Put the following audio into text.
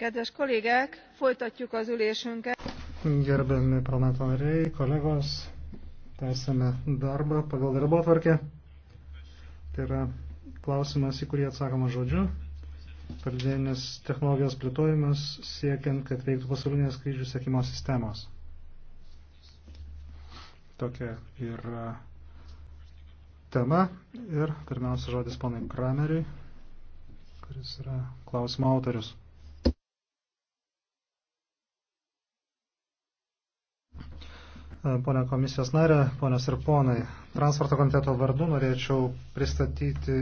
Kedves kollégák, folytatjuk az ülésünket. Gerbiami parlamento nariai, kolegos, tęsime darbą pagal darbo tvarkę. Tai yra klausimas, į kurį atsakoma žodžiu. Pardienis technologijos plėtojimas siekiant, kad veiktų pasaulinės skrydžių sekimo sistemos. Tokia yra tema ir pirmiausia žodis ponai Krameriui, kuris yra klausimo autorius. Pone komisijos narė, ponios ir ponai, transporto komiteto vardu norėčiau pristatyti